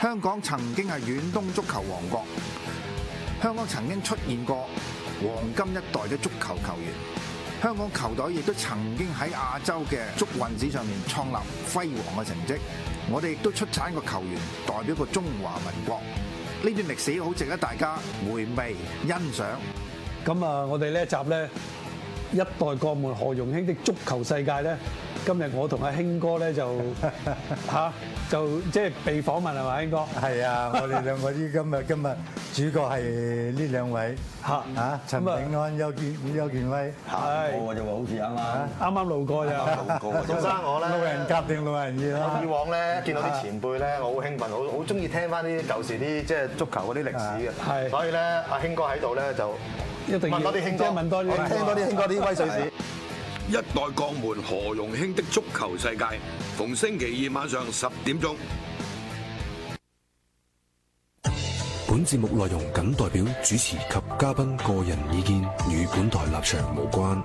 香港曾經係遠東足球王國，香港曾經出現過黃金一代嘅足球球員，香港球隊亦都曾經喺亞洲嘅足運史上面創立輝煌嘅成績。我哋亦都出產個球員代表個中華民國，呢段歷史好值得大家回味欣賞。咁啊，我哋呢一集呢。一代國門何榮興的足球世界咧，今日我同阿興哥咧就嚇就即係被訪問係嘛，興哥？係啊，我哋兩個啲今日今日主角係呢兩位嚇嚇，陳永安、邱健邱健威，嚇，我就話好似係嘛，啱啱路過就路過，老生我咧，老人甲定老人乙啦。以往咧見到啲前輩咧，我好興奮，好好中意聽翻啲舊時啲即係足球嗰啲歷史嘅，所以咧阿興哥喺度咧就。一定問多啲兄姐，多啲，我聽多啲，聽多啲威水史。 一代國門何容興的足球世界，逢星期二晚上十點鐘。本節目內容僅代表主持及嘉賓個人意見，與本台立場無關。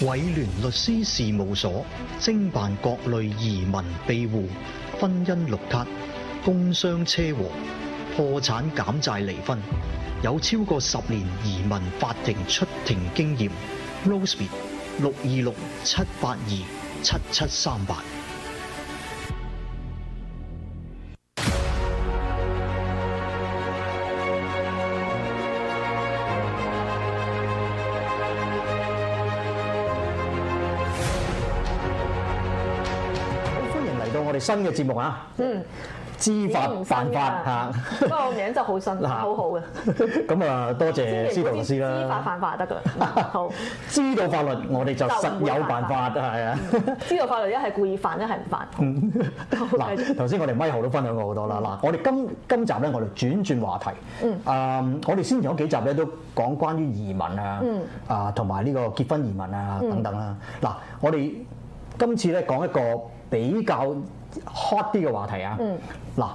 偉聯 律師事務所精辦各類移民庇護、婚姻綠卡、工傷車禍。破產減債離婚，有超過十年移民法庭出庭經驗。r o s o p y 六二六七八二七七三八，好 歡迎嚟到我哋新嘅節目啊！嗯。 知法犯法嚇，嗰個名就好新，好好嘅。咁啊，多謝司徒律師啦。知法犯法得噶啦。好。知道法律，我哋就實有辦法，係啊。知道法律，一係故意犯，一係唔犯。嗱，頭先我哋咪豪都分享過好多啦。嗱，我哋今今集咧，我哋轉轉話題。嗯。啊，我哋先前嗰幾集咧都講關於移民啊，啊，同埋呢個結婚移民啊等等啦。嗱，我哋今次咧講一個比較 hot 啲嘅話題啊，嗱、嗯，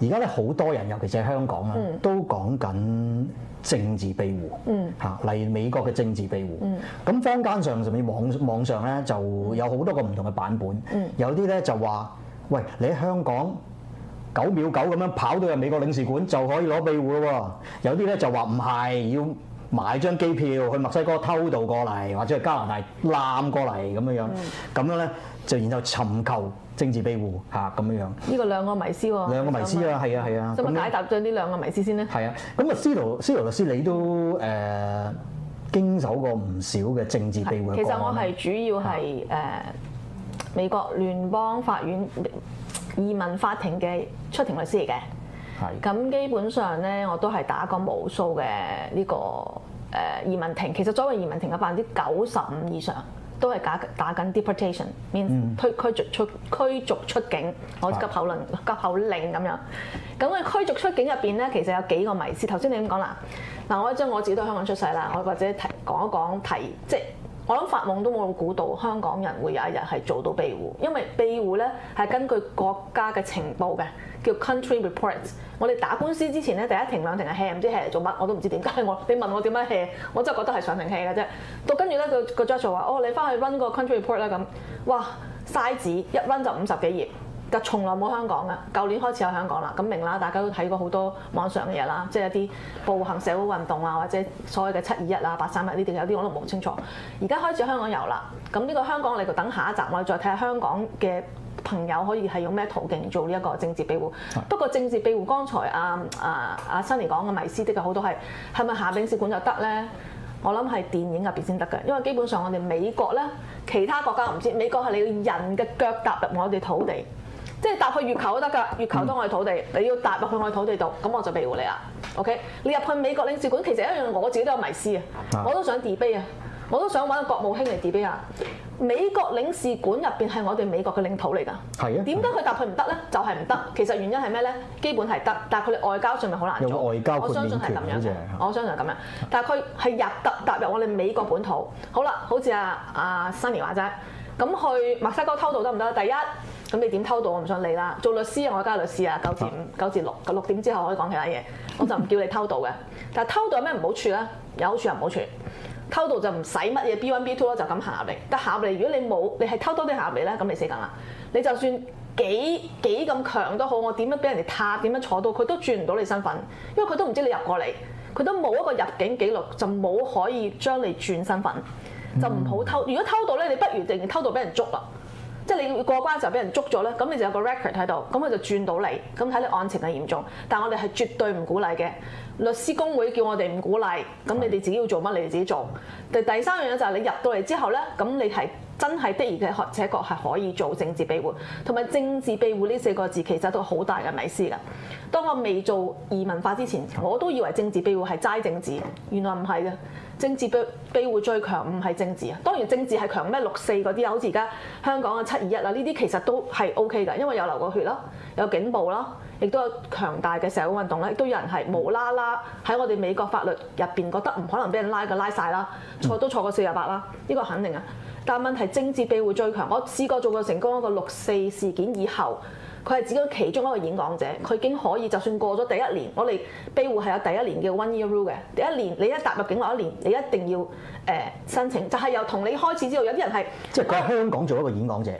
而家咧好多人，尤其是香港啊，嗯、都講緊政治庇護，嚇、嗯，例如美國嘅政治庇護，咁、嗯、坊間上上面網網上咧就有好多個唔同嘅版本，嗯、有啲咧就話，喂，你喺香港九秒九咁樣跑到入美國領事館就可以攞庇護咯，有啲咧就話唔係，要買張機票去墨西哥偷渡過嚟，或者係加拿大攬過嚟咁樣、嗯、樣，咁樣咧。就然後尋求政治庇護嚇咁樣樣，呢個兩個迷思喎，兩個迷思問啊，係啊係啊，咁啊解答咗呢兩個迷思先咧。係啊，咁啊，司徒司徒律師你都誒、呃、經手過唔少嘅政治庇護嘅官司。其實我係主要係誒是、啊呃、美國聯邦法院移民法庭嘅出庭律師嚟嘅。係。咁基本上咧，我都係打過無數嘅呢個誒、呃、移民庭，其實作為移民庭嘅百分之九十五以上，都係打打緊 deportation，推驅逐出驅逐出境，我、嗯、急，急口令急口令咁樣。咁啊驅逐出境入邊咧，其實有幾個迷思。頭先你咁講啦，嗱，我一張我自己都喺香港出世啦，我或者提講一講提即係。我諗發夢都冇估到香港人會有一日係做到庇護，因為庇護咧係根據國家嘅情報嘅，叫 country report。我哋打官司之前咧，第一庭兩庭係 hea，唔知 hea 嚟做乜，我都唔知點解，我你問我點樣 hea 我真係覺得係上庭 hea 嘅啫。到跟住咧，個個 judge 就話：哦，你翻去 run 個 country report 啦咁，哇，嘥紙一 run 就五十幾頁。格從來冇香港嘅，舊年開始有香港啦。咁明啦，大家都睇過好多網上嘅嘢啦，即係一啲暴行社會運動啊，或者所謂嘅七二一啊、八三一呢啲，有啲我都唔清楚。而家開始香港遊啦。咁呢個香港，你就等下一集我哋再睇下香港嘅朋友可以係用咩途徑做呢一個政治庇護。的不過政治庇護，剛才阿阿辛尼嚟講嘅迷思的嘅好多係係咪下領事館就得咧？我諗係電影入邊先得嘅，因為基本上我哋美國咧，其他國家唔知，美國係你要人嘅腳踏入我哋土地。即係搭去月球都得㗎，月球都係我哋土地，嗯、你要踏入去我哋土地度，咁我就庇護你啦。OK？你入去美國領事館，其實一樣，我自己都有迷思啊，我都想自卑啊，我都想揾個國務卿嚟自卑啊。美國領事館入邊係我哋美國嘅領土嚟㗎，係啊。點解佢搭去唔得咧？就係唔得。其實原因係咩咧？基本係得，但係佢哋外交上咪好難做。有冇外交豁免權？我相信係咁樣。我相信係咁樣。但係佢係入搭踏入我哋美國本土。好啦，好似阿阿 Sunny 話齋，咁去墨西哥偷渡得唔得？第一。咁你點偷渡？我唔想理啦。做律師啊，我家律師啊。九至五、九至六、六點之後可以講其他嘢。我就唔叫你偷渡嘅。但係偷渡有咩唔好處咧？有好處又唔好處。偷渡就唔使乜嘢 B one B two 咯，就咁行入嚟。但得入嚟，如果你冇，你係偷多啲入嚟咧，咁你死梗啦。你就算幾幾咁強都好，我點樣俾人哋踏？點樣坐到佢都轉唔到你身份，因為佢都唔知你入過嚟，佢都冇一個入境記錄，就冇可以將你轉身份，就唔好偷。Mm hmm. 如果偷渡咧，你不如直接偷渡俾人捉啦。即係你要過關時候俾人捉咗咧，咁你就有個 record 喺度，咁佢就轉到嚟，咁睇你案情係嚴重。但我哋係絕對唔鼓勵嘅，律師公會叫我哋唔鼓勵。咁你哋自己要做乜，你哋自己做。第第三樣嘢就係你入到嚟之後咧，咁你係真係的而且確係可以做政治庇護，同埋政治庇護呢四個字其實都好大嘅迷思㗎。當我未做移民法之前，我都以為政治庇護係齋政治，原來唔係嘅。政治庇護最強唔係政治啊，當然政治係強咩六四嗰啲啊，好似而家香港啊七二一啊呢啲其實都係 O K 㗎，因為有流過血啦，有警暴啦，亦都有強大嘅社會運動咧，亦都有人係無啦啦喺我哋美國法律入邊覺得唔可能俾人拉嘅拉晒啦，錯都錯過四十八啦，呢個肯定啊，但問題政治庇護最強，我試過做過成功一個六四事件以後。佢係指咗其中一個演講者，佢已經可以就算過咗第一年，我哋庇護係有第一年嘅 one year rule 嘅。第一年你一踏入境內一年，你一定要誒、呃、申請。就係、是、由同你開始之後，有啲人係即係佢喺香港做一個演講者，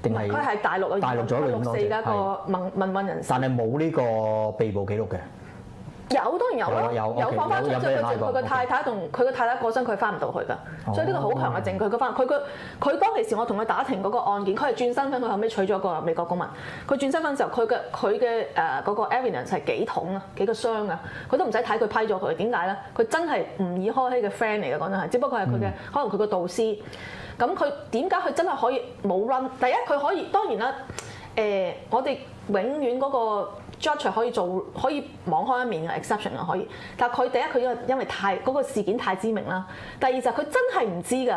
定係佢係大陸大陸做一個演講者，係一個民運人士，但係冇呢個被捕記錄嘅。有當然有啦，有，有放翻出去，佢個太太同佢個太太過身，佢翻唔到去㗎。Oh. 所以呢個好強嘅證據，佢翻佢個佢當其時，我同佢打聽嗰個案件，佢係轉身份，佢後尾娶咗個美國公民。佢轉身份嘅時候，佢嘅佢嘅誒嗰個 evidence 係幾桶啊，幾個箱啊，佢都唔使睇，佢批咗佢點解咧？佢真係吳以開熙嘅 friend 嚟嘅，講真係，只不過係佢嘅可能佢個導師。咁佢點解佢真係可以冇 run？第一佢可以當然啦，誒我哋永遠嗰、嗰個。 Judge 可以做可以網開一面嘅 exception 可以，但係佢第一佢因為太嗰、嗰個事件太知名啦，第二就佢真係唔知㗎，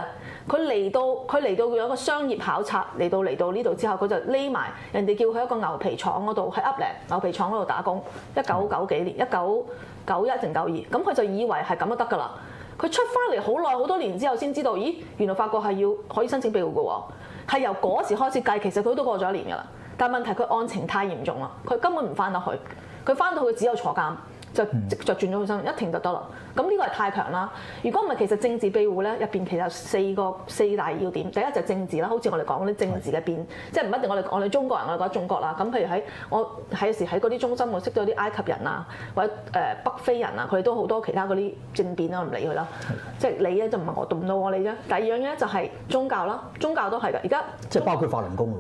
佢嚟到佢嚟到有一個商業考察嚟到嚟到呢度之後，佢就匿埋，人哋叫佢一個牛皮廠嗰度喺 Upland 牛皮廠嗰度打工，一九九幾年一九九一定九二，咁佢就以為係咁就得㗎啦，佢出返嚟好耐好多年之後先知道，咦原來法國係要可以申請庇護㗎喎，係由嗰時開始計，其實佢都過咗一年㗎啦。但係問題佢案情太嚴重啦，佢根本唔翻得去，佢翻到去只有坐監，就就轉咗佢身，嗯、一停就得啦。咁呢個係太強啦。如果唔係，其實政治庇護咧入邊其實有四個四大要點，第一就係政治啦，好似我哋講啲政治嘅變，是即係唔一定我哋我哋中國人我哋講中國啦。咁譬如喺我喺時喺嗰啲中心，我識到啲埃及人啊，或者誒北非人啊，佢哋都好多其他嗰啲政變啦，我唔理佢啦。是即係你咧就唔係我唔到我你啫。第二樣咧就係宗教啦，宗教都係噶。而家即係包括法輪功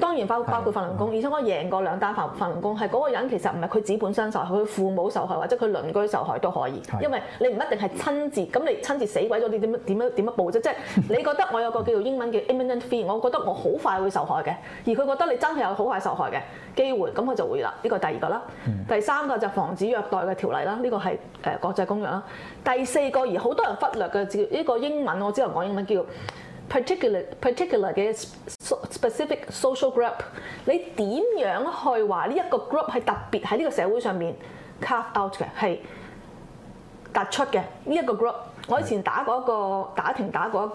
當然包包括法輪功，而且我贏過兩單法法輪功，係嗰個人其實唔係佢自己本身受害，佢父母受害或者佢鄰居受害都可以，因為你唔一定係親自，咁你親自死鬼咗，你點樣點樣點樣報啫？即係 你覺得我有個叫做英文叫 imminent fear，我覺得我好快會受害嘅，而佢覺得你真係有好快受害嘅機會，咁佢就會啦。呢、這個第二個啦，第三個就防止虐待嘅條例啦，呢、這個係誒、呃、國際公約啦。第四個而好多人忽略嘅字，一、這個英文我只能講英文叫。Particular, particular particular 嘅 specific social group，你點樣去話呢一個 group 係特別喺呢個社會上面 cut out 嘅係突出嘅呢一個 group？我以前打過一個的打庭打過一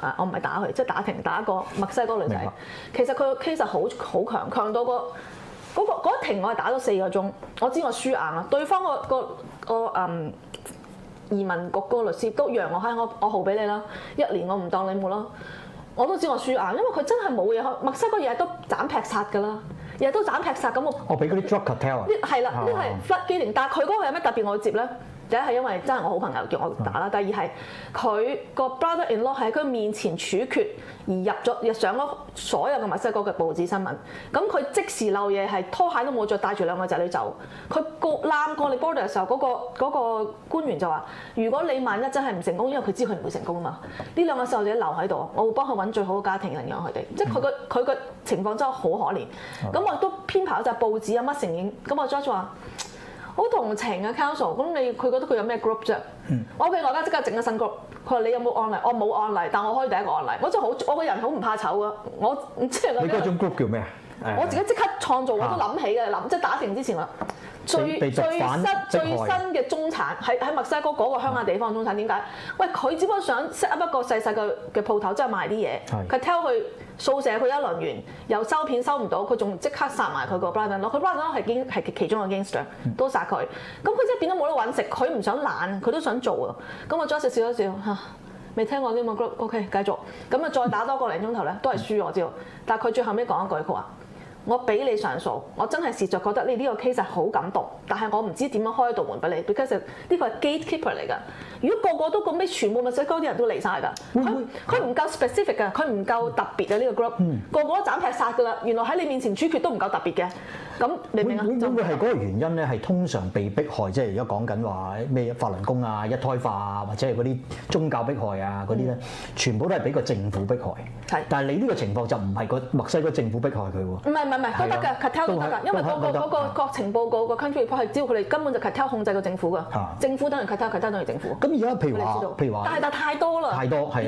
個啊，我唔係打佢，即係打庭打過墨西哥女仔。白其實佢 case 實好好強，強到個嗰個嗰一庭，我係打咗四個鐘，我知我輸硬啦。對方個個個嗯。移民局個律師都讓我開，嗨，我我號俾你啦，一年我唔當你冇啦，我都知我輸硬，因為佢真係冇嘢，墨西哥日日都斬劈殺㗎啦，日日都斬劈殺咁我。我俾嗰啲 drug cartel，係啦，呢係 f l u d 但係佢嗰個有咩特別我接咧？第一係因為真係我好朋友叫我打啦，嗯、第二係佢個 brother in law 喺佢面前處決，而入咗日上咗所有嘅墨西哥嘅報紙新聞，咁佢即時漏嘢，係拖鞋都冇着，帶住兩個仔女走。佢個喊個你 border 嘅時候，嗰、嗰個嗰、嗰個官員就話：如果你萬一真係唔成功，因為佢知佢唔會成功嘛，呢兩個細路仔留喺度，我會幫佢揾最好嘅家庭領養佢哋。即係佢個佢個情況真係好可憐。咁、嗯嗯、我亦都編排咗隻報紙啊乜承認。咁我 George 好同情啊，counsel，咁你佢覺得佢有咩 group 啫、嗯？我喺我而家即刻整個新 group，佢話你有冇案例？我冇案例，但我開第一個案例，我真係好，我個人好唔怕醜啊。我即係。唔知你嗰種 group 叫咩啊？我自己即刻創造，我都諗起嘅，諗、啊、即係打定之前啦。最最，最新最新嘅中產喺喺害墨西哥嗰個鄉下地方，中產點解？喂，佢只不過想 set up 一個細細嘅嘅鋪頭，即係賣啲嘢。佢 tell 佢掃射佢一輪完，又收片收唔到，佢仲即刻殺埋佢個布拉登咯。佢布拉登係已經係其中嘅 gangster，的都殺佢。咁佢真係變到冇得揾食，佢唔想懶，佢都想做啊。咁啊 j e s 笑一笑嚇，未聽過啲嘛 group？OK，繼續。咁啊，再打多個零鐘頭咧，都係輸我知道。但係佢最後尾講一句，佢話。我俾你上訴，我真係實在覺得你呢個 case 好感動，但係我唔知點樣開道門俾你，because 呢個係 gatekeeper 嚟㗎。如果個個都咁樣，全部墨西哥啲人都嚟晒㗎，佢佢唔夠 specific 㗎，佢唔、嗯、夠特別㗎呢、呢個 group，嗯、個個都斬劈殺㗎啦。原來喺你面前主決都唔夠特別嘅，咁你明唔明？會唔會係嗰個原因咧？係通常被迫害，即係而家講緊話咩法輪功啊、一胎化啊，或者係嗰啲宗教迫害啊嗰啲咧，呢嗯、全部都係俾個政府迫害。是但係你呢個情況就唔係個墨西哥政府迫害佢喎。唔係是。唔係，唔係都得嘅 cartel 都得嘅，因為嗰個嗰個國情報告個 country report 佢哋根本就 cartel 控制個政府㗎，政府等嚟 cartel，cartel 等嚟政府。咁而家譬如話，但係但係太多啦，太多係。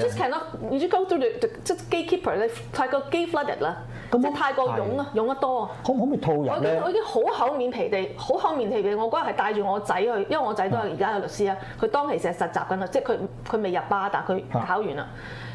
You just go through the gatekeeper 太過 gate flooded 啦，即係太過擁啊擁得多啊。可唔可以套人？我已經好厚面皮地，好厚面皮地。我嗰日係帶住我仔去，因為我仔都係而家嘅律師啊，佢當時成日實習緊啦，即係佢佢未入巴，但佢考完啦。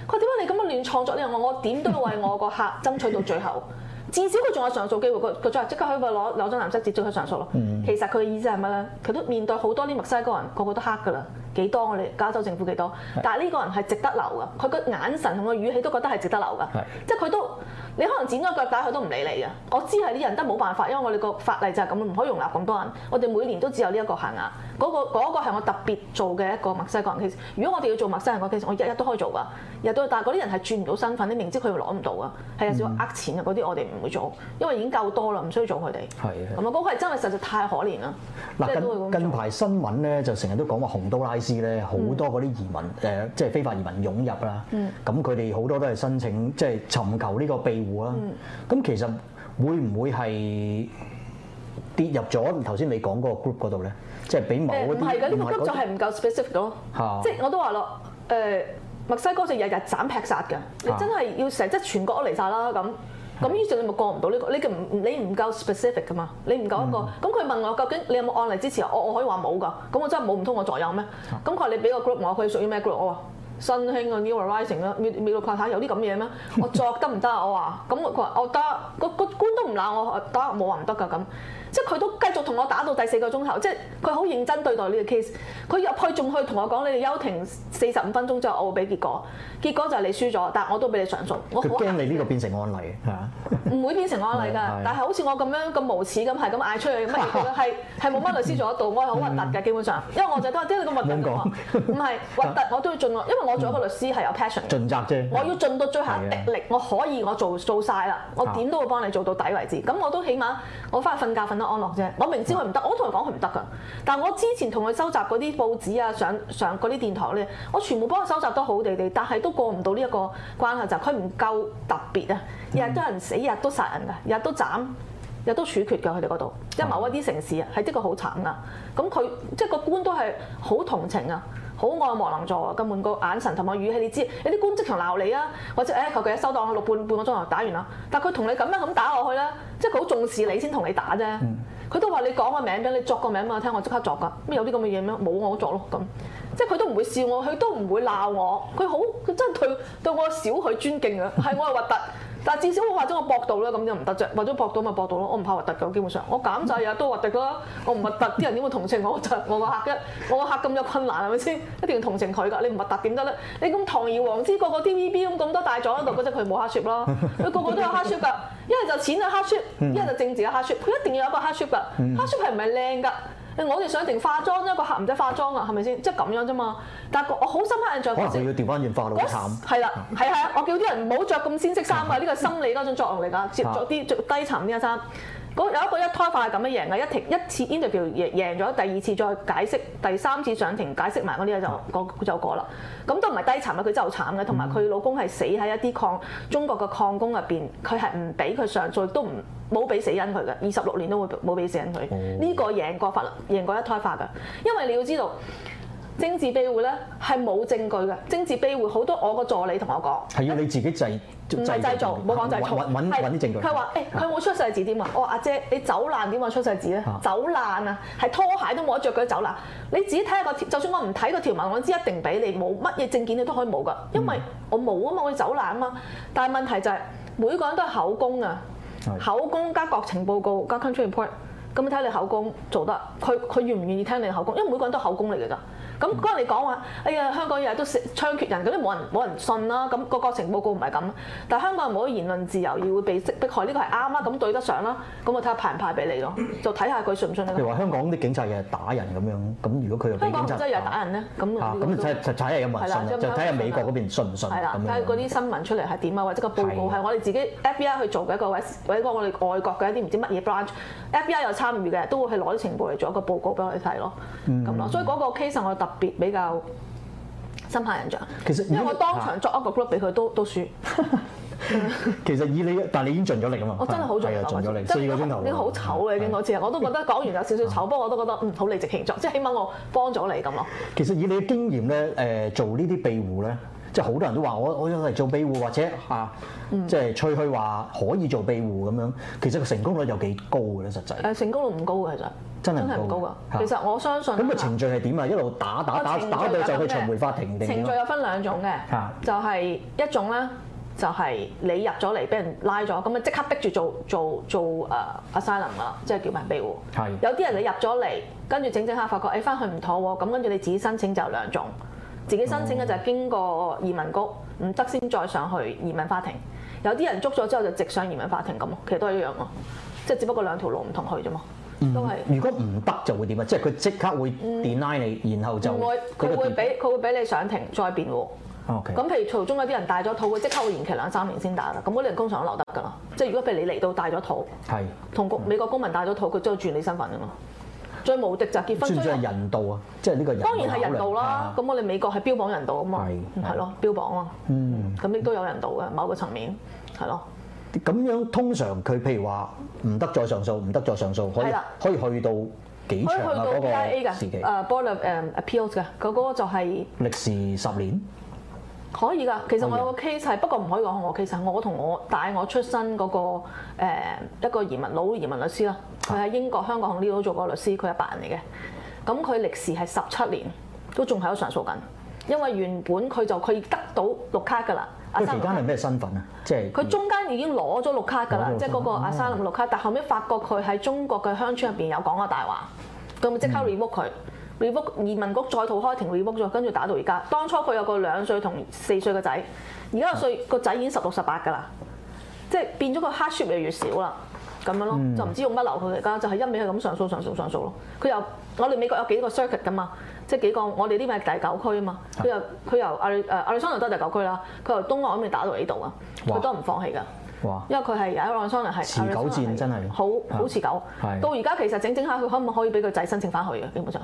佢，點解你咁樣亂創作呢？我我點都要為我個客爭取到最後。至少佢仲有上訴機會，佢佢再即刻去攞攞張藍色紙做佢上訴咯。嗯、其實佢嘅意思係乜咧？佢都面對好多啲墨西哥人，個個都黑㗎啦，幾多,多我哋加州政府幾多,多？是但係呢個人係值得留㗎，佢個眼神同個語氣都覺得係值得留㗎，是即係佢都你可能剪咗腳帶，佢都唔理你㗎。我知係啲人，都冇辦法，因為我哋個法例就係咁，唔可以容納咁多人，我哋每年都只有呢一個限額。嗰、那個嗰係、那個、我特別做嘅一個墨西哥人 case，其實如果我哋要做墨西哥人嘅 case，其實我日日都可以做㗎，日日都，但係嗰啲人係轉唔到身份，你明知佢攞唔到啊，係啊，少呃錢啊，嗰啲我哋唔會做，因為已經夠多啦，唔需要做佢哋。係。咁啊，嗰個係真係實在太可憐啦。嗱近，近排新聞咧就成日都講話洪都拉斯咧好多嗰啲移民誒，即係、嗯呃就是、非法移民湧入啦。咁佢哋好多都係申請即係、就是、尋求呢個庇護啦。咁、嗯嗯、其實會唔會係？跌入咗頭先你講嗰個 group 嗰度咧，即係俾某唔係嘅呢個 group 就係唔夠 specific 咯，即係我都話咯誒。墨西哥就日日斬劈殺嘅，你真係要成即係全國都嚟晒啦咁咁，於是你咪過唔到呢個你唔你唔夠 specific 噶嘛，你唔夠一個咁，佢問我，究竟你有冇案例支持我？我可以話冇噶，咁我真係冇，唔通我左右咩？咁佢話你俾個 group 我，佢屬於咩 group，我話新興啊 new rising 啦，middle class 有啲咁嘢咩？我作得唔得啊？我話，咁佢話我得，個個官都唔鬧我得，冇話唔得噶咁。即係佢都繼續同我打到第四個鐘頭，即係佢好認真對待呢個 case。佢入去仲去同我講：你哋休庭四十五分鐘之後，我會俾結果。結果就係你輸咗，但係我都俾你上訴。佢驚你呢個變成案例，係啊的？唔會變成案例㗎，是是但係好似我咁樣咁無恥咁係咁嗌出去，乜嘢係係冇乜律師做得到？ 我係好核突嘅，基本上，因為我就得即係啲咁核突嘅唔係核突，我都要盡我，別說 因為我做一個律師係有 passion，盡責啫。我要盡到最後一滴力，是的 我可以我做做晒啦，我點都會幫你做到底為止。咁 我都起碼我翻去瞓覺瞓安樂啫，我明知佢唔得，我同佢講佢唔得噶。但係我之前同佢收集嗰啲報紙啊、上上嗰啲電台咧，我全部幫佢收集得好地地，但係都過唔到呢一個關係，就佢唔夠特別啊！日日都人死，日都殺人噶，日都斬，日都處決㗎。佢哋嗰度，因為某一啲城市啊，係的確好慘啊。咁佢即係個官都係好同情啊。好愛莫能助啊！根本個眼神同埋語氣你知，有啲官職強鬧你啊！或者誒、哎、求其收檔六半半個鐘頭打完啦。但佢同你咁樣咁打落去咧，即係佢好重視你先同你打啫。佢都話你講個名俾你作個名啊，聽我即刻作㗎。咁有啲咁嘅嘢咩？冇我，我作咯咁。即係佢都唔會笑我，佢都唔會鬧我。佢好，佢真係對對我少許尊敬啊。係我係核突。 但至少我話咗我搏到啦，咁樣唔得啫。話咗搏到咪搏到咯，我唔怕核突嘅。基本上我減曬嘢都核突咯。我唔核突，啲人點會同情我？核突？我個客嘅，我個客咁有困難係咪先？一定要同情佢㗎。你唔核突點得咧？你咁堂而皇之個個 TVB 咁咁多大獎喺度，嗰陣佢冇 hardship 咯。佢個，個個都有 hardship 㗎，一係就錢嘅 hardship，一係就政治嘅 hardship。佢一定要有一個 hardship 㗎。Hardship 係唔係靚㗎？我哋想定化妝一個客唔使化妝啊，係咪先？即係咁樣啫嘛。但係我好深刻印象，可能要調翻轉化咯，好慘。係啦，係啊， 我叫啲人唔好着咁鮮色衫啊，呢個係心理嗰種作用嚟㗎，接著啲低層啲嘅衫。有一個一胎化係咁樣的贏嘅，一庭一次 interview 贏贏咗，第二次再解釋，第三次上庭解釋埋嗰啲嘢就過就過啦。咁都唔係低層啊，佢真係好慘嘅，同埋佢老公係死喺一啲礦中國嘅礦工入邊，佢係唔俾佢上訴，都唔冇俾死因佢嘅，二十六年都會冇俾死因佢。呢、嗯、個贏過法律，贏過一胎化嘅，因為你要知道。政治庇護咧係冇證據嘅。政治庇護好多，我個助理同我講係要你自己製唔係製造，唔好講製造揾揾揾啲證據。佢話：誒，佢、欸、冇出世紙點啊？我話阿姐，你走爛點會出世紙咧？啊、走爛啊，係拖鞋都冇得着。佢走爛。你自己睇下條，就算我唔睇個條文，我知一定俾你冇乜嘢證件，你都可以冇噶，因為我冇啊嘛，我要走爛啊嘛。但係問題就係、是、每個人都係口供啊，的口供加國情報告加 country report，咁你睇你口供做得，佢佢願唔願意聽你口供，因為每個人都口供嚟㗎啫。咁嗰日你講話，哎呀香港日日都槍決人，咁都冇人冇人信啦。咁、個國情報告唔係咁，但係香港人冇言論自由，要會被逼害，呢個係啱啦，咁對得上啦，咁我睇下派唔派俾你咯，就睇下佢信唔信。譬如話香港啲警察又係打人咁、啊、樣，咁如果佢又，香港唔真係又係打人咧，咁咁就睇下睇下美國嗰邊信唔信，係啦，睇嗰啲新聞出嚟係點啊，或者個報告係我哋自己 FBI 去做嘅一個，或者或我哋外國嘅一啲唔知乜嘢 branch 的 FBI 有參與嘅，都會係攞啲情報嚟做一個報告俾我哋睇咯，咁咯、嗯。嗯、所以嗰個 case、嗯、我特別比較深刻印象，因為我當場捉一個 group 俾佢都都輸。 其實以你，但係你已經盡咗力㗎嘛。我真係好盡力，四個鐘頭已經好醜嘅，已經嗰對次。我都覺得講完有少少醜，不過 我都覺得嗯好理直氣壯，即係起碼我幫咗你咁咯。 其實以你嘅經驗咧，誒做呢啲庇護咧。即係好多人都話我我有嚟做庇護或者嚇，即係吹噓話可以做庇護咁樣，其實個成功率有幾高嘅咧？實際誒，成功率唔高嘅，其實真係真係唔高㗎。其實我相信咁個程序係點啊？一路打打打打到就去巡迴法庭定。程序有分兩種嘅、啊，就係一種咧，就係你入咗嚟俾人拉咗，咁啊即刻逼住做做做誒、啊、asylum 啦，即係叫埋庇護。係的有啲人你入咗嚟，跟住整整下發覺誒翻、欸、去唔妥喎，咁跟住你自己申請就兩種。自己申請嘅就係經過移民局，唔得先再上去移民法庭。有啲人捉咗之後就直上移民法庭咁，其實都係一樣咯，即係只不過兩條路唔同去啫嘛，都係、嗯。如果唔得就會點啊？即係佢即刻會 deny 你，嗯、然後就唔會，佢會俾佢會俾你上庭再辯喎。OK. 咁譬如途中有啲人帶咗套，佢即刻會延期兩三年先打啦。咁嗰啲人通常都留得㗎啦。即係如果譬如你嚟到帶咗套，係同是美國公民帶咗套，佢都要轉你身份㗎嘛。最無敵就結婚，算唔算係人道啊？即係呢個人。當然係人道啦，咁我哋美國係標榜人道啊嘛，係咯的，的標榜咯，嗯，咁亦都有人道嘅某個層面，係咯。咁樣通常佢譬如話唔得再上訴，唔得再上訴，可以的可以去到幾長啊嗰個時期？誒 board of 誒 appeals 嘅嗰、那個就係、是、歷時十年。可以㗎，其實我有個 case 係，不過唔可以講我。其實我同我帶我出身嗰、嗰個、呃、一個移民佬移民律師啦，佢喺英國、香港呢度做過律師，佢係白人嚟嘅。咁佢歷時係十七年，都仲喺度上訴緊，因為原本佢就佢得到綠卡㗎啦。啊，而家係咩身份啊？即係佢中間已經攞咗綠卡㗎啦，即係嗰個阿沙林綠卡，但後尾發覺佢喺中國嘅鄉村入邊有講過大話，咁即刻 remove 佢。嗯。移民局再套開庭 review 咗，跟住打到而家。當初佢有個兩歲同四歲嘅仔，而家六歲個仔、啊、已經十六十八㗎啦，即係變咗個 hardship 越嚟越少啦，咁樣咯，嗯、就唔知用乜留佢而家，就係一味係咁上訴上訴上訴咯。佢又，我哋美國有幾個 circuit 㗎嘛，即係幾個我哋呢邊係第九區啊嘛，佢又，佢、啊、由阿、啊、阿利桑那都係第九區啦，佢由東岸嗰邊打到嚟呢度啊，佢都唔放棄㗎。因為佢係有一個案係持久戰，真係好好持久。到而家其實整整下，佢可唔可以俾個仔申請翻去嘅？基本上，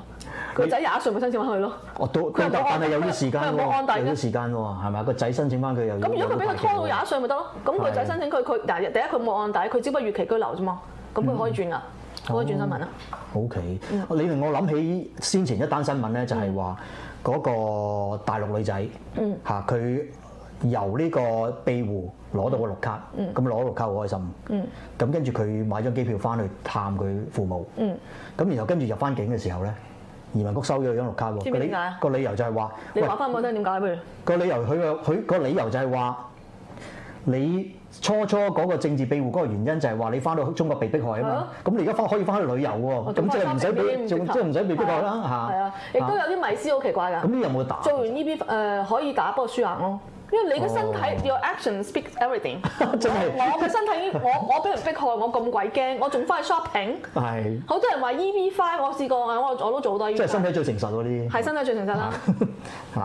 個仔廿一歲咪申請翻去咯。我都佢又但係有啲時間喎，又要時間喎，係咪啊？個仔申請翻佢又咁，如果佢俾佢拖到廿一歲咪得咯？咁佢仔申請佢佢，第一佢冇案底，佢只不過逾期居留啫嘛，咁佢可以轉啦，可以轉新聞啦。O K，你令我諗起先前一單新聞咧，就係話嗰個大陸女仔嚇佢。由呢個庇護攞到個綠卡，咁攞到綠卡好開心。咁跟住佢買張機票翻去探佢父母。咁然後跟住入翻境嘅時候咧，移民局收咗張綠卡喎。知點解啊？個理由就係話你話翻我聽點解？不如個理由佢個佢個理由就係話你初初嗰個政治庇護嗰個原因就係話你翻到中國被逼害啊嘛。咁你而家翻可以翻去旅遊喎，咁即係唔使俾即係唔使被逼害啦嚇。係啊，亦都有啲迷思好奇怪㗎。咁啲有冇打？做完呢啲誒可以打，不過輸硬咯。因為你嘅身體、oh.，your action speaks everything 真的。真係，我嘅身體，我我俾人逼害，我咁鬼驚，我仲翻去 shopping。係是。好多人話 EB Five，我試過啊，我我都做過、e、即係身體最誠實嗰啲。係身體最誠實啦。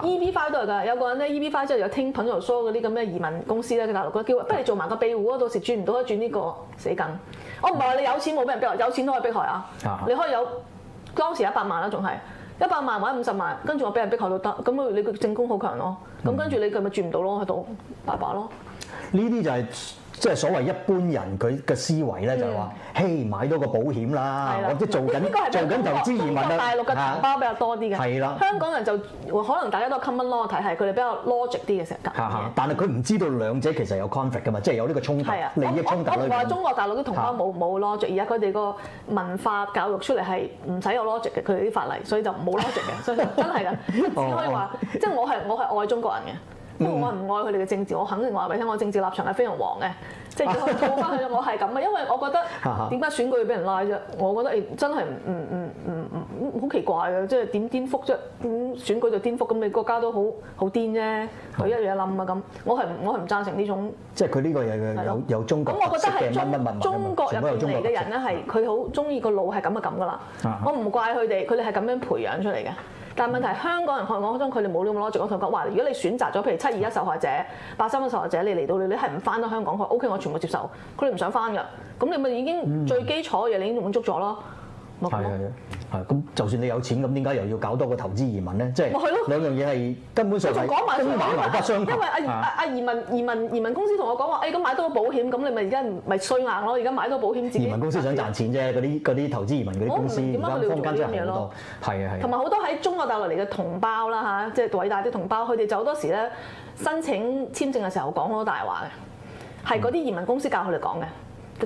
EB Five 都嚟㗎，有個人咧，EB Five 之後又聽朋友 show 嗰啲咁嘅移民公司咧，佢鬧嚟個叫，不如你做埋個庇護，到時轉唔到咧轉呢、這個死梗。我唔係話你有錢冇俾人逼害，有錢都可以逼害啊。 你可以有，當時一百萬啦、啊，仲係。一百萬或者五十萬，跟住我俾人逼迫都得，咁你個正攻好強咯，咁跟住你佢咪轉唔到咯，喺度白白咯，呢啲就係、是。即係所謂一般人佢嘅思維咧，就係話，嘿，買多個保險啦，或者做緊做緊投資移民大陸嘅同胞比較多啲嘅。係啦，香港人就可能大家都 common law 嘅體系，佢哋比較 logic 啲嘅性格。但係佢唔知道兩者其實有 conflict 嘅嘛，即係有呢個衝突，利益衝突。我話中國大陸啲同胞冇冇 logic，而家佢哋個文化教育出嚟係唔使有 logic 嘅，佢哋啲法例，所以就冇 logic 嘅，真係㗎，只可以話，即係我係我係我愛中國人嘅。因為我唔愛佢哋嘅政治，我肯定話俾你聽，我政治立場係非常黃嘅。即係如果我講翻去，我係咁嘅，因為我覺得點解選舉要俾人拉啫？我覺得、欸、真係唔唔唔唔好奇怪嘅，即係點顛覆啫？點選舉就顛覆咁，你國，國家都好好癲啫，佢一，邊一，邊一邊樣冧啊咁。我係我係唔贊成呢種。即係佢呢個嘢有有中國特色咁、嗯、我覺得係中，中，中，中國入嚟嘅人咧，係佢好中意個腦係咁啊咁噶啦。嗯、我唔怪佢哋，佢哋係咁樣培養出嚟嘅。但問題香港人香港中，佢哋冇咁多著。我同佢講，哇！如果你選擇咗，譬如七二一受害者、八三一受害者，你嚟到你，你係唔翻到香港去？OK，我全部接受。佢哋唔想翻㗎，咁你咪已經最基礎嘅嘢，你已經滿足咗咯。係係咁，就算你有錢，咁點解又要搞多個投資移民咧？即係的兩樣嘢係根本上係中相關。因為阿阿移民移民移民公司同我講話，誒、哎、咁買多個保險，咁你咪而家咪衰硬咯？而家買多保險移民公司想賺錢啫，嗰啲啲投資移民啲公司，咁方間人好多，係啊係。同埋好多喺中國大陸嚟嘅同胞啦嚇，即係偉大啲同胞，佢哋就好多時咧申請簽證嘅時候講好多大話嘅，係嗰啲移民公司教佢哋講嘅。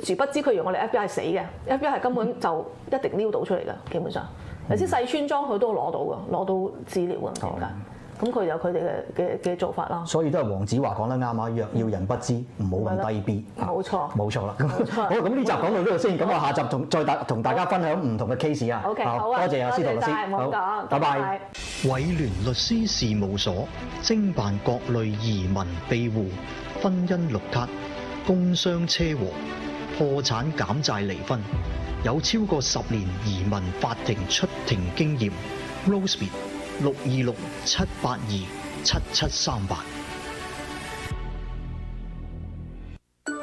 殊不知佢用我哋 FBI 係死嘅，FBI 係根本就一定撩到出嚟嘅。基本上，頭先細村莊佢都攞到㗎，攞到資料㗎，咁佢有佢哋嘅嘅嘅做法啦。所以都係黃子華講得啱啊，若要人不知，唔好咁低 B。冇錯，冇錯啦。好，咁呢集講到呢度先，咁我下集同再大同大家分享唔同嘅 case 啊。好，多謝阿司徒律師，好，拜拜。偉聯律師事務所，精辦各類移民庇護、婚姻綠卡、工傷車禍。破產減債離婚，有超過十年移民法庭出庭經驗 Rosebud 六二六七八二七七三八。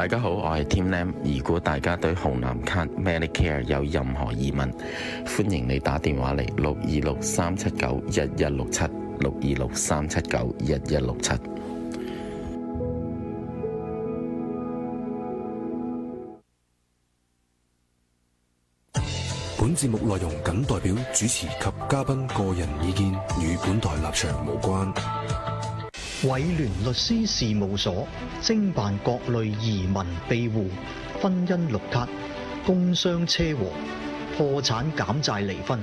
大家好，我係 Tim Lam。如果大家對紅藍卡 Medicare 有任何疑問，歡迎你打電話嚟，六二六三七九一一六七，六二六三七九一一六七。67，本節目內容僅代表主持及嘉賓個人意見，與本台立場無關。偉聯律師事務所，偵辦各類移民庇護、婚姻綠卡、工傷車禍、破產減債、離婚，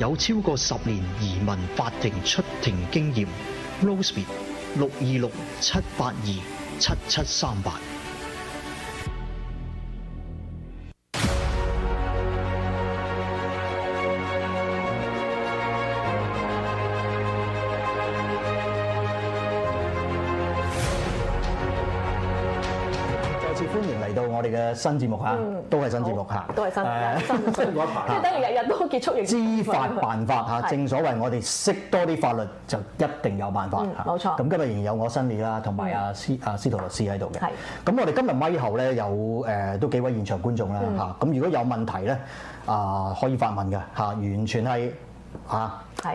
有超過十年移民法庭出庭經驗。Rosebud 六二六七八二七七三八。嘅新節目嚇，都係新節目嚇、嗯，都係新、嗯、新新即係 等於日日都結束型。知法辦法嚇，嗯嗯、正所謂我哋識多啲法律就一定有辦法嚇，冇、嗯、錯。咁今日仍然有我辛尼啦，同埋阿司阿、啊、司徒律師喺度嘅。係的，咁我哋今日咪後咧有誒、呃、都幾位現場觀眾啦嚇，咁、嗯啊、如果有問題咧啊、呃、可以發問嘅嚇、啊，完全係。啊吓！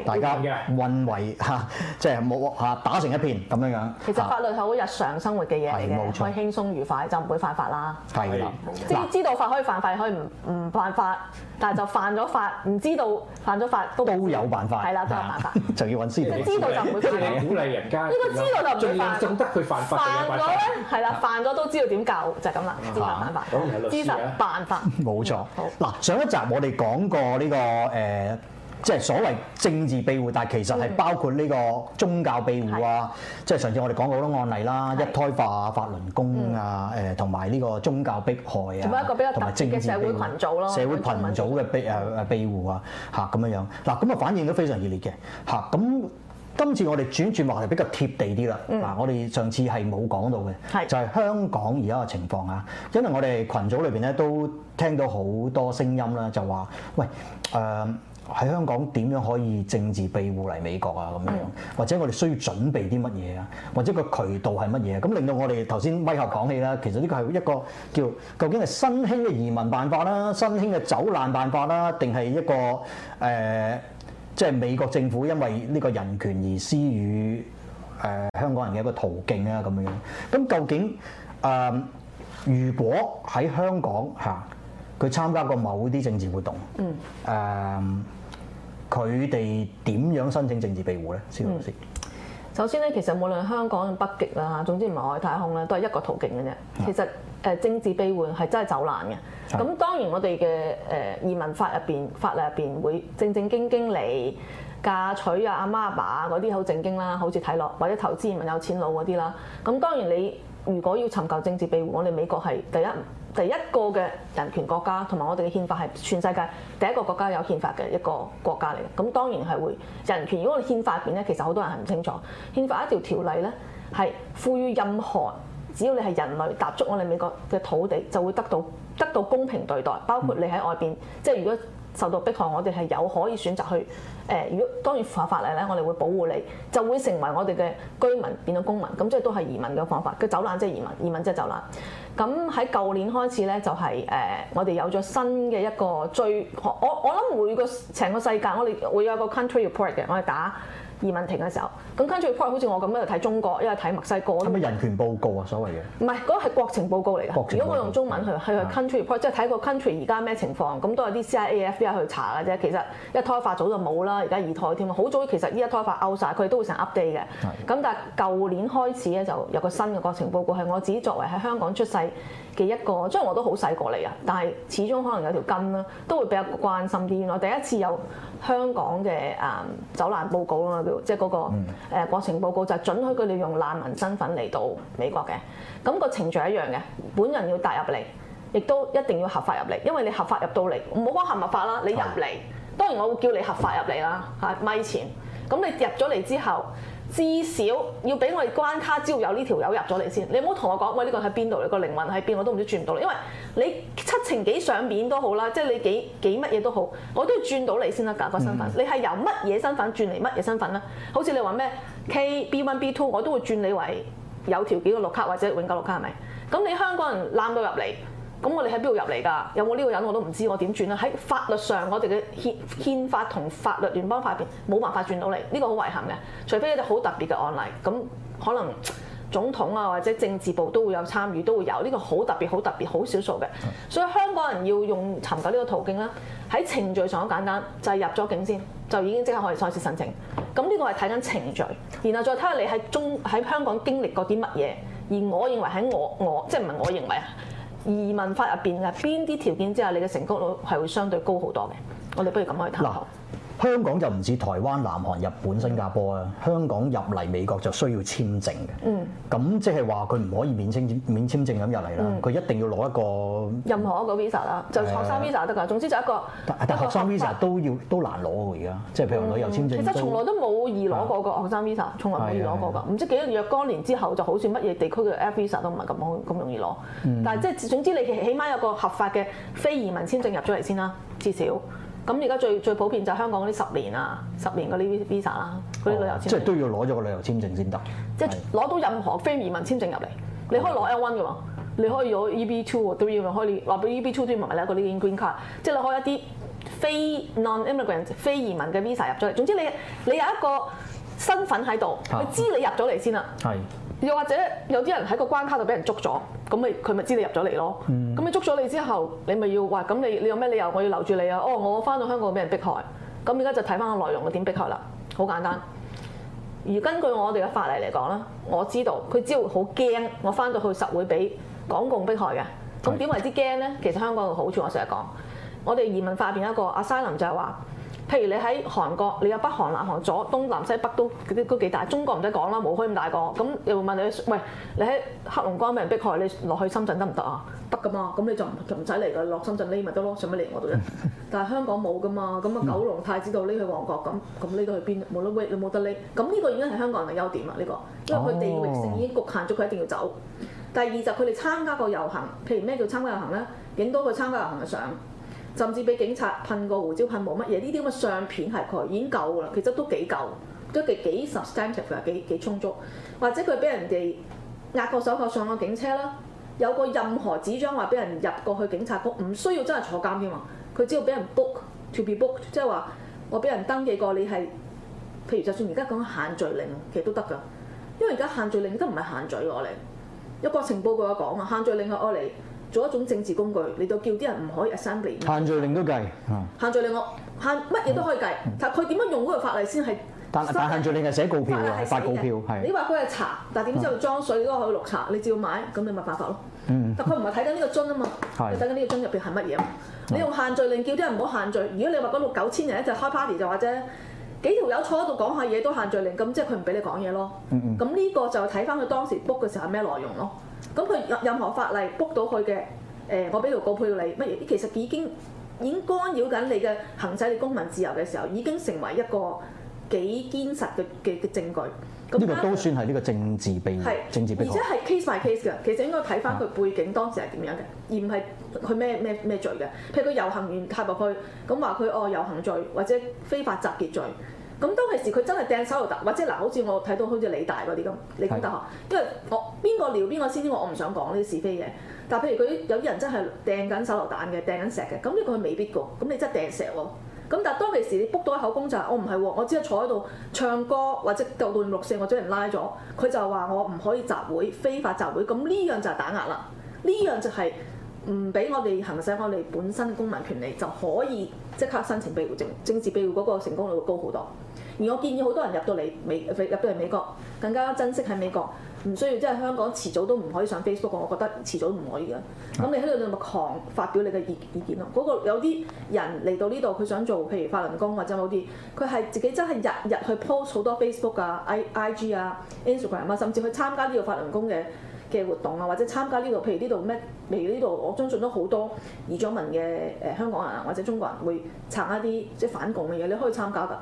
大家嘅運為嚇，即係冇嚇打成一片咁樣樣。其實法律係好日常生活嘅嘢係冇錯，可以輕鬆愉快就唔會犯法啦。係啦，即係知道法可以犯法，可以唔唔犯法，但係就犯咗法，唔知道犯咗法都都有辦法。係啦，都有辦法。就要揾師弟。知道就唔會犯嘅。呢個鼓勵人家。呢個知道就唔得犯法。犯咗咧，係啦，犯咗都知道點教，就係咁啦。知道辦法，知道辦法。冇錯。好嗱，上一集我哋講過呢個誒。即係所謂政治庇護，但係其實係包括呢個宗教庇護啊。即係、嗯、上次我哋講過好多案例啦，是一胎化法輪功啊、誒同埋呢個宗教迫害啊，同埋一個比較特別嘅社會群組咯，社會群組嘅庇誒庇護啊，嚇咁樣樣嗱咁啊，反應都非常熱烈嘅嚇。咁今次我哋轉轉話題，比較貼地啲啦。嗱、嗯，我哋上次係冇講到嘅，嗯、就係香港而家嘅情況啊。因為我哋群組裏邊咧都聽到好多聲音啦，就話喂誒。呃喺香港點樣可以政治庇護嚟美國啊？咁樣，或者我哋需要準備啲乜嘢啊？或者個渠道係乜嘢？咁令到我哋頭先威後講起啦。其實呢個係一個叫究竟係新興嘅移民辦法啦，新興嘅走難辦法啦，定係一個誒，即、呃、係、就是、美國政府因為呢個人權而施予誒香港人嘅一個途徑啦、啊，咁樣。咁究竟誒、呃，如果喺香港嚇佢參加過某啲政治活動，嗯誒？呃佢哋點樣申請政治庇護咧？司徒律師。首先咧，其實無論香港、北極啦，哈，總之唔係外太空咧，都係一個途徑嘅啫。是的 其實誒政治庇護係真係走難嘅。咁是的 當然我哋嘅誒移民法入邊法例入邊會正正經經嚟嫁娶啊，阿媽阿爸嗰啲好正經啦，好似睇落或者投資移民有錢佬嗰啲啦。咁當然你。如果要尋求政治庇護，我哋美國係第一第一個嘅人權國家，同埋我哋嘅憲法係全世界第一個國家有憲法嘅一個國家嚟。咁當然係會人權。如果我哋憲法入邊咧，其實好多人係唔清楚憲法一條條例咧，係賦予任何只要你係人類踏足我哋美國嘅土地，就會得到得到公平對待。包括你喺外邊，即係如果受到迫害，我哋係有可以選擇去。誒，如果當然符合法例咧，我哋會保護你，就會成為我哋嘅居民變咗公民，咁即係都係移民嘅方法。佢走難即係移民，移民即係走難。咁喺舊年開始咧，就係、是、誒、呃，我哋有咗新嘅一個最，我我諗每個成個世界我，我哋會有一個 country report 嘅，我哋打。葉問停嘅時候，咁 country report 好似我咁度睇中國，因為睇墨西哥。係咪人權報告啊？所謂嘅？唔係，嗰、嗰個係國情報告嚟㗎。如果我用中文去去 country report，即係睇個 country 而家咩情況，咁都有啲 CIA、FBI 依家去查㗎啫。其實一胎法早就冇啦，而家二胎添啊，好早其實呢一胎法勾晒，佢哋都會成 update 嘅。係的。咁但係舊年開始咧，就有個新嘅國情報告係我自己作為喺香港出世嘅一個，即係我都好細個嚟啊，但係始終可能有條根啦，都會比較關心啲。我第一次有。香港嘅誒、嗯、走難報告啦，即係、那、嗰個誒、嗯呃、過程報告就係准許佢哋用難民身份嚟到美國嘅。咁、那個程序一樣嘅，本人要帶入嚟，亦都一定要合法入嚟，因為你合法入到嚟，唔好講合唔合法啦。你入嚟，啊、當然我會叫你合法入嚟啦。嚇，咪前，咁你入咗嚟之後。至少要俾我哋關卡，只要有呢條友入咗嚟先。你唔好同我講，喂呢、這個喺邊度？你、這個靈魂喺邊我都唔知，轉唔到嚟，因為你七情幾上面都好啦，即係你幾幾乜嘢都好，我都要轉到你先啦。搞、那個身份，嗯、你係由乜嘢身份轉嚟乜嘢身份咧？好似你話咩？K B one B two，我都會轉你為有條件嘅綠卡或者永久綠卡係咪？咁你香港人攬到入嚟。咁我哋喺邊度入嚟㗎？有冇呢個人我都唔知，我點轉咧？喺法律上，我哋嘅憲憲法同法律聯邦法入邊冇辦法轉到嚟，呢個好遺憾嘅。除非一啲好特別嘅案例，咁可能總統啊或者政治部都會有參與，都會有呢個好特別、好特別、好少數嘅。嗯、所以香港人要用尋求呢個途徑啦。喺程序上好簡單，就係入咗境先，就已經即刻可以再次申請。咁呢個係睇緊程序，然後再睇下你喺中喺香港經歷過啲乜嘢。而我認為喺我我即係唔係我認為啊？移民法入邊嘅邊啲條件之下，你嘅成功率係會相對高好多嘅。我哋不如咁去探討。香港就唔似台灣、南韓、日本、新加坡啊！香港入嚟美國就需要簽證嘅，咁即係話佢唔可以免簽免簽證咁入嚟啦，佢一定要攞一個任何一個 visa 啦，就學生 visa 得㗎。總之就一個學生 visa 都要都難攞喎，而家即係譬如旅遊簽證。其實從來都冇易攞過個學生 visa，從來冇易攞過㗎。唔知幾多月光年之後，就好似乜嘢地區嘅 F visa 都唔係咁咁容易攞。但係即係總之，你起碼有個合法嘅非移民簽證入咗嚟先啦，至少。咁而家最最普遍就香港嗰啲十年啊，十年嗰啲 visa 啦，嗰啲旅遊簽證，即係都要攞咗個旅遊簽證先得，即係攞到任何非移民簽證入嚟的，你可以攞 L1 嘅嘛，2, 3, 你可以攞 EB2 喎，都要可以話俾 EB2 都唔係一個 n green card，即係你可以一啲非 non immigrant 非移民嘅 visa 入咗嚟，總之你你有一個身份喺度，佢知你入咗嚟先啦，又的或者有啲人喺個關卡度俾人捉咗，咁咪佢咪知你入咗嚟咯。嗯捉咗你之後，你咪要話咁你你有咩理由我要留住你啊？哦，我翻到香港俾人逼害，咁而家就睇翻個內容點逼害啦，好簡單。而根據我哋嘅法例嚟講啦，我知道佢只要好驚，我翻到去實會俾港共迫害嘅。咁點為之驚咧？其實香港嘅好處，我成日講，我哋移民法入邊一個 asylum 就係話。譬如你喺韓國，你有北韓、南韓，左東南西北都嗰啲都幾大。中國唔使講啦，冇開咁大個。咁又會問你，喂，你喺黑龍江俾人逼害，你落去深圳得唔得啊？得噶嘛。咁你就唔使嚟噶，落深圳匿咪得咯，上乜嚟我度啫？但係香港冇噶嘛。咁啊，九龍太子道匿去旺角，咁咁匿到去邊？冇得匿，你冇得匿。咁呢個已經係香港人嘅優點啊，呢個，因為佢地域性已經局限咗佢一定要走。第二就佢哋參加過遊行，譬如咩叫參加遊行咧？影到佢參加遊行嘅相。甚至俾警察噴個胡椒噴霧乜嘢，呢啲咁嘅相片係佢已經夠噶啦，其實都幾夠，都幾幾 substantive 啊，幾充足。或者佢俾人哋壓個手扣上個警車啦，有個任何紙張話俾人入過去警察局，唔需要真係坐監添嘛。佢只要俾人 book to be booked，即係話我俾人登記過你係，譬如就算而家講限聚令，其實都得㗎，因為而家限聚令都唔係限聚個嚟，有國情報告有講啊，限聚令我嚟。做一種政治工具你都叫啲人唔可以 assembly 限聚令都計，限聚令我限乜嘢都可以計，但係佢點樣用嗰個法例先係？但限聚令係寫告票啊，發告票你話佢係茶，但係點知喺度裝水都可以綠茶，你照買咁你咪犯法咯。但佢唔係睇緊呢個樽啊嘛，你睇緊呢個樽入邊係乜嘢啊嘛。你用限聚令叫啲人唔好限聚，如果你話嗰度九千人一陣開 party 就或者幾條友坐喺度講下嘢都限聚令，咁即係佢唔俾你講嘢咯。咁呢個就睇翻佢當時 book 嘅時候係咩內容咯。咁佢任任何法例 book 到佢嘅，誒、呃，我俾條告票你乜嘢？其實已經已經干擾緊你嘅行使你公民自由嘅時候，已經成為一個幾堅實嘅嘅嘅證據。呢個都算係呢個政治迫害，是政治迫害。而且係 case by case 嘅，其實應該睇翻佢背景當時係點樣嘅，而唔係佢咩咩咩罪嘅。譬如佢遊行完踏落去，咁話佢哦遊行罪或者非法集結罪。咁當其時佢真係掟手榴彈，或者嗱，好似我睇到好似理大嗰啲咁，理工大學，是的 因為我邊個撩邊個先知，我唔想講呢啲是非嘅。但譬如佢有啲人真係掟緊手榴彈嘅，掟緊石嘅，咁呢個佢未必噶。咁你真係掟石喎，咁但係當其時你 book 到一口供就係，我唔係喎，我只係坐喺度唱歌或者逗段六四，或者我將人拉咗，佢就話我唔可以集會，非法集會，咁呢樣就係打壓啦，呢樣就係唔俾我哋行使我哋本身嘅公民權利，就可以即刻申請庇護證，政治庇護嗰個成功率會高好多。而我建議好多人入到嚟美入到嚟美國，更加珍惜喺美國，唔需要即係、就是、香港遲早都唔可以上 Facebook。我覺得遲早都唔可以嘅。咁、啊、你喺度你咪狂發表你嘅意意見咯。嗰、那個有啲人嚟到呢度，佢想做譬如法輪功或者某啲，佢係自己真係日日去 post 好多 Facebook 啊、I I G 啊、Instagram 啊，甚至去參加呢個法輪功嘅嘅活動啊，或者參加呢度譬如呢度咩？譬如呢、這、度、個這個這個，我相信都好多移咗民嘅誒香港人或者中國人會撐一啲即係反共嘅嘢，你可以參加㗎。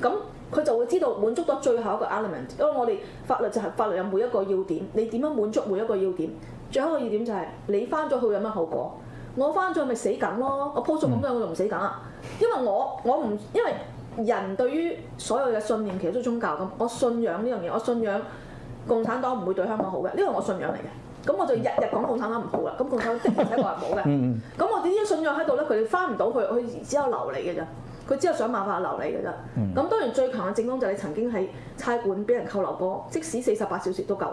咁佢就會知道滿足到最後一個 element，因為我哋法律就係法律有每一個要點，你點樣滿足每一個要點？最後一個要點就係你翻咗去有乜後果？我翻咗咪死梗咯，我鋪咗咁多我就唔死梗啦，因為我我唔因為人對於所有嘅信念其實都宗教咁，我信仰呢樣嘢，我信仰共產黨唔會對香港好嘅，呢個我信仰嚟嘅，咁我就日日講共產黨唔好啦，咁共產而且 我係冇嘅，咁我點樣信仰喺度咧？佢哋翻唔到去，佢只有留嚟嘅咋。佢只有想辦法留你嘅啫。咁、嗯、當然最強嘅證據就係你曾經喺差館俾人扣留過，即使四十八小時都夠，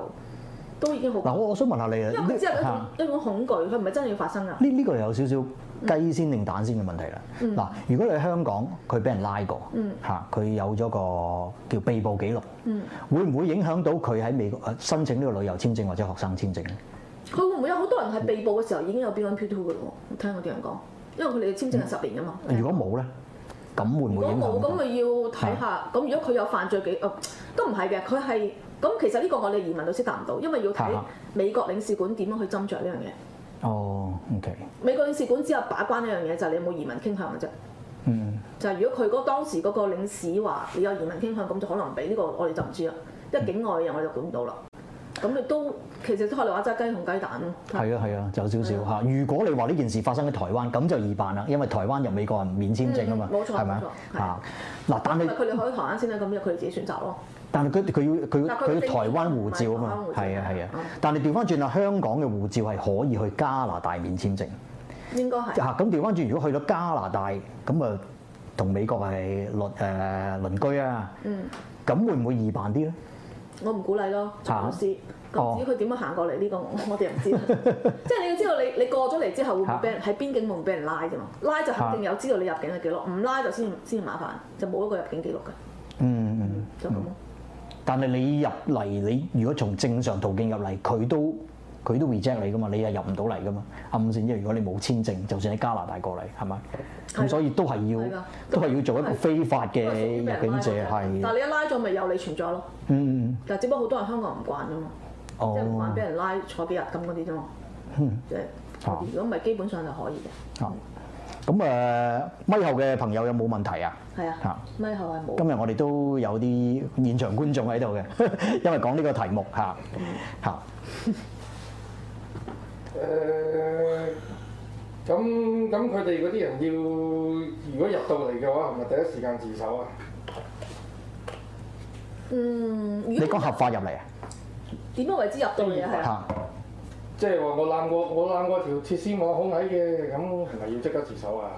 都已經好。嗱，我我想問下你啊，因為佢只係一種一種恐懼，佢唔係真係要發生㗎。呢呢、呢個又有少少雞先定蛋先嘅問題啦。嗱、嗯，如果你喺香港，佢俾人拉過嚇，佢、嗯、有咗個叫被捕記錄，嗯、會唔會影響到佢喺美國申請呢個旅遊簽證或者學生簽證咧？佢、嗯、會唔會有好多人喺被捕嘅時候已經有 B1B2 㗎啦？我聽我啲人講，因為佢哋嘅簽證係十年㗎嘛。嗯嗯、如果冇咧？如果冇咁咪要睇下，咁如果佢有犯罪記錄，哦、都唔係嘅。佢係咁，其實呢個我哋移民律師答唔到，因為要睇美國領事館點樣去斟酌呢樣嘢。哦、啊 oh,，OK。美國領事館只有把關呢樣嘢，就係，是，你有冇移民傾向嘅啫。嗯。就係如果佢嗰，那個，當時嗰個領事話你有移民傾向，咁就可能俾呢，這個我哋就唔知啦，這個知嗯，因為境外嘅人我就管唔到啦。咁亦都其實都係你話齋雞同雞蛋咯。係啊係啊，就有少少嚇。如果你話呢件事發生喺台灣，咁就易辦啦，因為台灣由美國人免簽證啊嘛，冇錯，係咪啊？嚇嗱，但係佢哋可以台灣先啦，咁由佢哋自己選擇咯。但係佢佢要佢佢台灣護照啊嘛，係啊係啊。但係調翻轉啊，香港嘅護照係可以去加拿大免簽證。應該係嚇，咁調翻轉，如果去到加拿大，咁啊同美國係鄰誒鄰居啊，咁會唔會易辦啲咧？我唔鼓勵咯，從事。咁至於佢點樣行過嚟呢、呢個，啊、我哋唔知。 即係你要知道你你過咗嚟之後會唔會俾喺、啊、邊境門俾人拉啫嘛？拉就肯定有知道你入境嘅記錄，唔拉就先先麻煩，就冇一個入境記錄㗎。嗯嗯，就咁咯。但係你入嚟，你如果從正常途徑入嚟，佢都，佢都 reject 你噶嘛，你又入唔到嚟噶嘛，暗線即係如果你冇簽證，就算喺加拿大過嚟，係咪？咁所以都係要，都係要做一個非法嘅入境者，係。但係你一拉咗，咪有你存在咯。嗯。但係只不過好多人香港唔慣啫嘛，即係好慢俾人拉坐幾日咁嗰啲啫嘛。即係，如果唔係，基本上就可以嘅。嚇！咁誒，咪後嘅朋友有冇問題啊？係啊。嚇！咪後係冇。今日我哋都有啲現場觀眾喺度嘅，因為講呢個題目嚇嚇。誒咁咁，佢哋嗰啲人要如果入到嚟嘅話，係咪第一時間自首啊？嗯，你講合法入嚟啊，點樣為之入到嚟啊？嚇對，即係話我攬過我攬過條鐵絲網好矮嘅，咁係咪要即刻自首啊？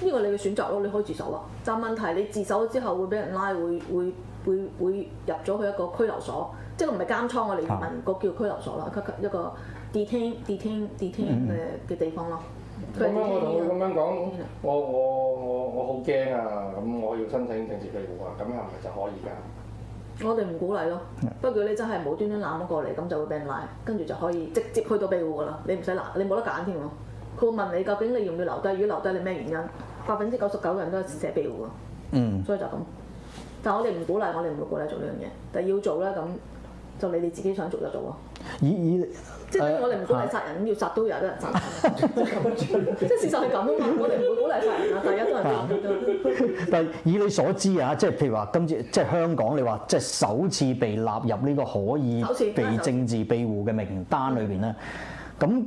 呢個你嘅選擇咯，你可以自首啊。但問題你自首之後會俾人拉，會會會會，會入咗去一個拘留所，即係唔係監倉？我哋問個叫拘留所啦，一個。detain detain detain 誒嘅地方咯。咁、嗯、det 樣我同佢咁樣講 ain，我我我我好驚啊！咁我要申請政治庇護啊！咁樣係咪就可以㗎？我哋唔鼓勵咯。不過你真係冇端端攬咗過嚟，咁就會俾人拉，跟住就可以直接去到庇護㗎啦。你唔使嗱，你冇得揀添喎。佢會問你究竟你要唔要留低？如果留低，你咩原因？百分之九十九嘅人都係寫庇護啊。嗯。所以就咁，但係我哋唔鼓勵，我哋唔會鼓勵做呢樣嘢。但係要做咧，咁就你哋自己想做就做咯。以以。即係我哋唔鼓勵殺人，啊、要殺都有得人殺人， 即係事實係咁啊嘛！ 我哋唔會鼓勵殺人啊， 大家都係咁。但係以你所知啊，即係譬如話，今次即係香港你，你話即係首次被納入呢個可以被政治庇護嘅名單裏邊咧，咁次。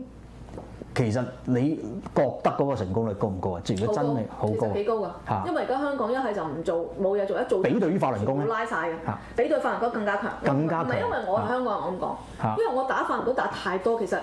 其實你覺得嗰個成功率高唔高，高，高啊？如果真係好高，幾高㗎？嚇！因為而家香港一係就唔做，冇嘢做，一做比對於法輪功咧，拉晒嘅。嚇！比對法輪功更加強，更加唔係因為我係香港人，啊、我咁講。啊、因為我打法輪功打太多，其實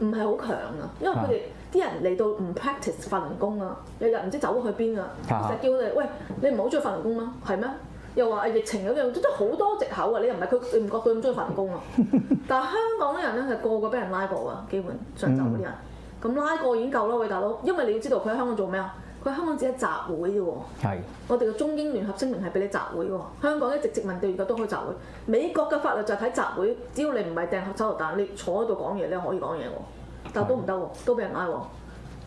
唔係好強啊。因為佢哋啲人嚟到唔 practice 法輪功啊，日日唔知走去邊啊。成日叫佢哋喂，你唔好中意法輪功嗎？係咩？又話疫情嗰樣，都好多藉口啊！你又唔係佢你唔覺佢咁中意法輪功啊？ 但係香港啲人咧係個個俾人拉過㗎，基本上走嗰啲人。嗯咁拉過已經夠啦，喂，大佬，因為你要知道佢喺香港做咩啊？佢喺香港只係集會嘅喎、哦。是我哋嘅中英聯合聲明係俾你集會喎、哦。香港一直直問到而家都開集會。美國嘅法律就係睇集會，只要你唔係掟手榴彈，你坐喺度講嘢，你可以講嘢喎。但係都唔得喎，都俾人拉喎、哦。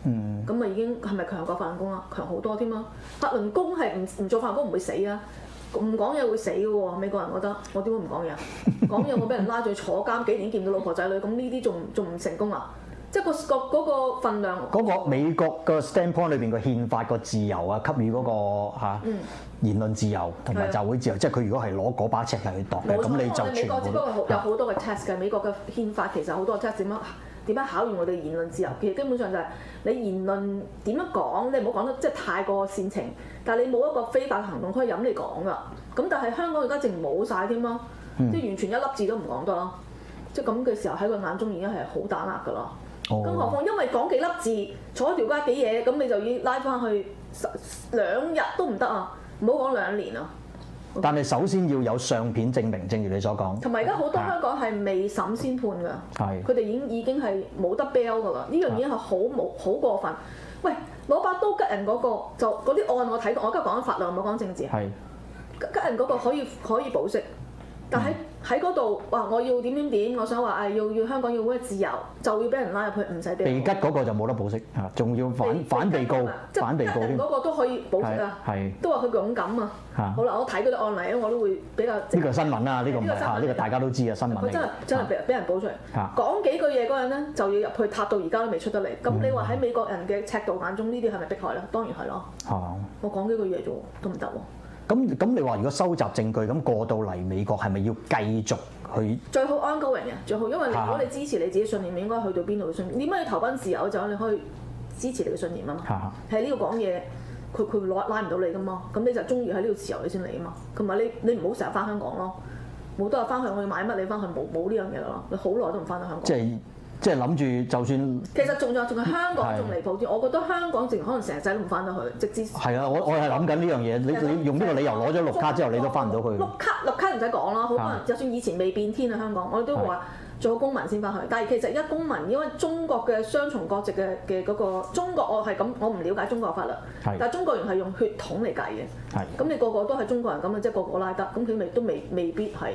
嗯。咁啊已經係咪強過法輪功啊？強好多添啊！法輪功係唔唔做法輪功唔會死啊，唔講嘢會死嘅喎、哦。美國人覺得我點解唔講嘢？講嘢我俾人拉住坐監幾年，見到老婆仔女，咁呢啲仲仲唔成功啊？即係個個嗰個份量，嗰個美國個 standpoint 裏邊個憲法個自由啊，給予嗰、那個、啊嗯、言論自由同埋集會自由。的即係佢如果係攞嗰把尺去度嘅，咁你就全部美國只不過有好多嘅 test 嘅，test，美國嘅憲法其實好多 test 點樣點樣考驗我哋言論自由。其實基本上就係你言論點樣講，你唔好講得即係太過煽情，但係你冇一個非法行動可以咁你講㗎。咁但係香港而家淨冇晒添咯，嗯、即係完全一粒字都唔講得咯。即係咁嘅時候喺佢眼中已經係好打壓㗎啦。哦、更何況，因為講幾粒字，坐條街幾嘢，咁你就要拉翻去十兩日都唔得啊！唔好講兩年啊，okay? 但係首先要有相片證明，正如你所講。同埋而家好多香港係未審先判㗎，係佢哋已經已經係冇得 bail 㗎啦。呢是樣嘢係好冇好過分。喂，攞把刀吉人嗰、嗰個，就嗰啲案我睇過，我而家講緊法律，唔好講政治。係是。吉人嗰個可以可以保釋，但喺喺嗰度，哇！我要點點點，我想話誒，要要香港要咩自由，就要俾人拉入去，唔使俾。被吉嗰個就冇得保釋。嚇，仲要反反被告，反被告。被告嗰個都可以保釋啊，都話佢勇敢啊。好啦，我睇嗰啲案例咧，我都會比較。呢個新聞啊，呢個唔係，呢個大家都知啊，新聞。佢真係真係俾俾人保出嚟，講幾句嘢嗰陣咧，就要入去，塔到而家都未出得嚟。咁你話喺美國人嘅尺度眼中，呢啲係咪迫害咧？當然係咯。我講幾句嘢啫喎，都唔得喎。咁咁，你話如果收集證據咁過到嚟美國，係咪要繼續去？最好 ongoing 嘅，最好，因為如果你支持你自己信念，你應該去到邊度嘅信念，你咪要投奔自由就你可以支持你嘅信念啊嘛。喺呢度講嘢，佢佢攞拉唔到你噶嘛，咁你就中意喺呢度自由你先嚟啊嘛。同埋你你唔好成日翻香港咯，冇多日翻去我要買乜你翻去冇冇呢樣嘢噶啦，你好耐都唔翻到香港。即係即係諗住，就算其實仲仲係香港仲離譜啲，的我覺得香港剩可能成世都唔翻得去，直至係啊！我我係諗緊呢樣嘢，你其實 你用呢個理由攞咗的綠卡之後，國你都翻唔到去綠。綠卡綠卡唔使講啦，好多人就算以前未變天啊，香港我都話做公民先翻去，但係其實而家公民，因為中國嘅雙重國籍嘅嘅嗰個中國我，我係咁，我唔了解中國法律，的但係中國人係用血統嚟計嘅，咁的你個個都係中國人，咁啊即係個個拉得，咁佢咪都未未必係。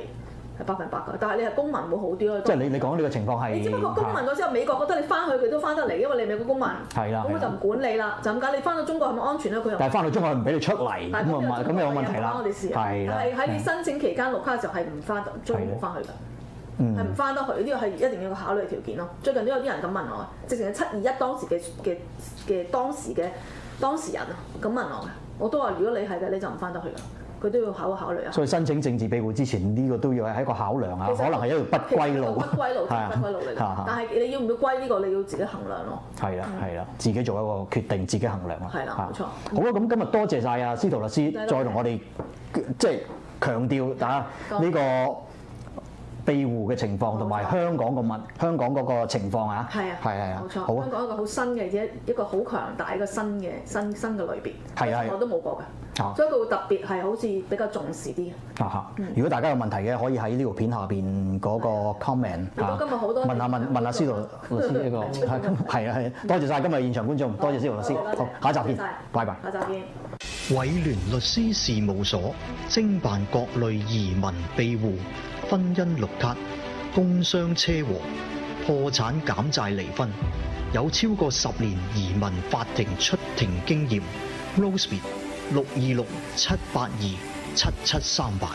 百分百噶，但係你係公民會好啲咯。即係你你講呢個情況係你只不過公民咗之後，美國覺得你翻去佢都翻得嚟，因為你係美國公民。係啦的，咁佢就唔管你啦，的就咁解。你翻到中國係咪安全咧？佢又但係翻到中國唔俾你出嚟，咁啊，咁麼有問題啦。係啦，係喺你申請期間落卡嘅時候係唔翻，最好唔好翻去㗎，係唔翻得去。呢個係一定要考慮條件咯。最近都有啲人咁問我，直情係七二一當時嘅嘅嘅當時嘅當事人啊，咁問我我都話如果你係嘅，你就唔翻得去㗎。佢都要考考慮啊！所以申請政治庇護之前，呢個都要係一個考量啊。其實可能係一條不歸路。不歸路，係啊，不歸路嚟嘅。但係你要唔要歸呢個，你要自己衡量咯。係啦，係啦，自己做一個決定，自己衡量啊。係啦，冇錯。好啦，咁今日多謝晒啊，司徒律師，再同我哋即係強調啊呢個庇護嘅情況同埋香港個物，香港嗰個情況啊。係啊，係啊，冇錯。好，香港一個好新嘅一一個好強大嘅一個新嘅新新嘅類別，係啊，我都冇過㗎。所以佢會特別係好似比較重視啲。啊嚇、嗯，如果大家有問題嘅，可以喺呢條片下邊嗰個 comment、嗯嗯、今日好多問下、啊、問問下、啊、司徒律師呢、呢個係係啊，多謝晒今日現場觀眾，多謝司徒律師。謝謝。好，下一集見，拜拜。下集見。偉聯律師事務所精辦各類移民庇護、婚姻綠卡、工傷車禍、破產減債、離婚，有超過十年移民法庭出庭經驗。r o s e 六二六七八二七七三八。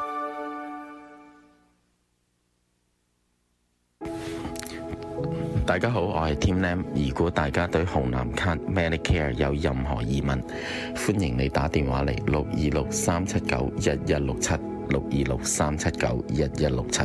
大家好，我係 Tim Lam。如果大家對紅藍卡 Medicare 有任何疑問，歡迎你打電話嚟六二六三七九一一六七，六二六三七九一一六七。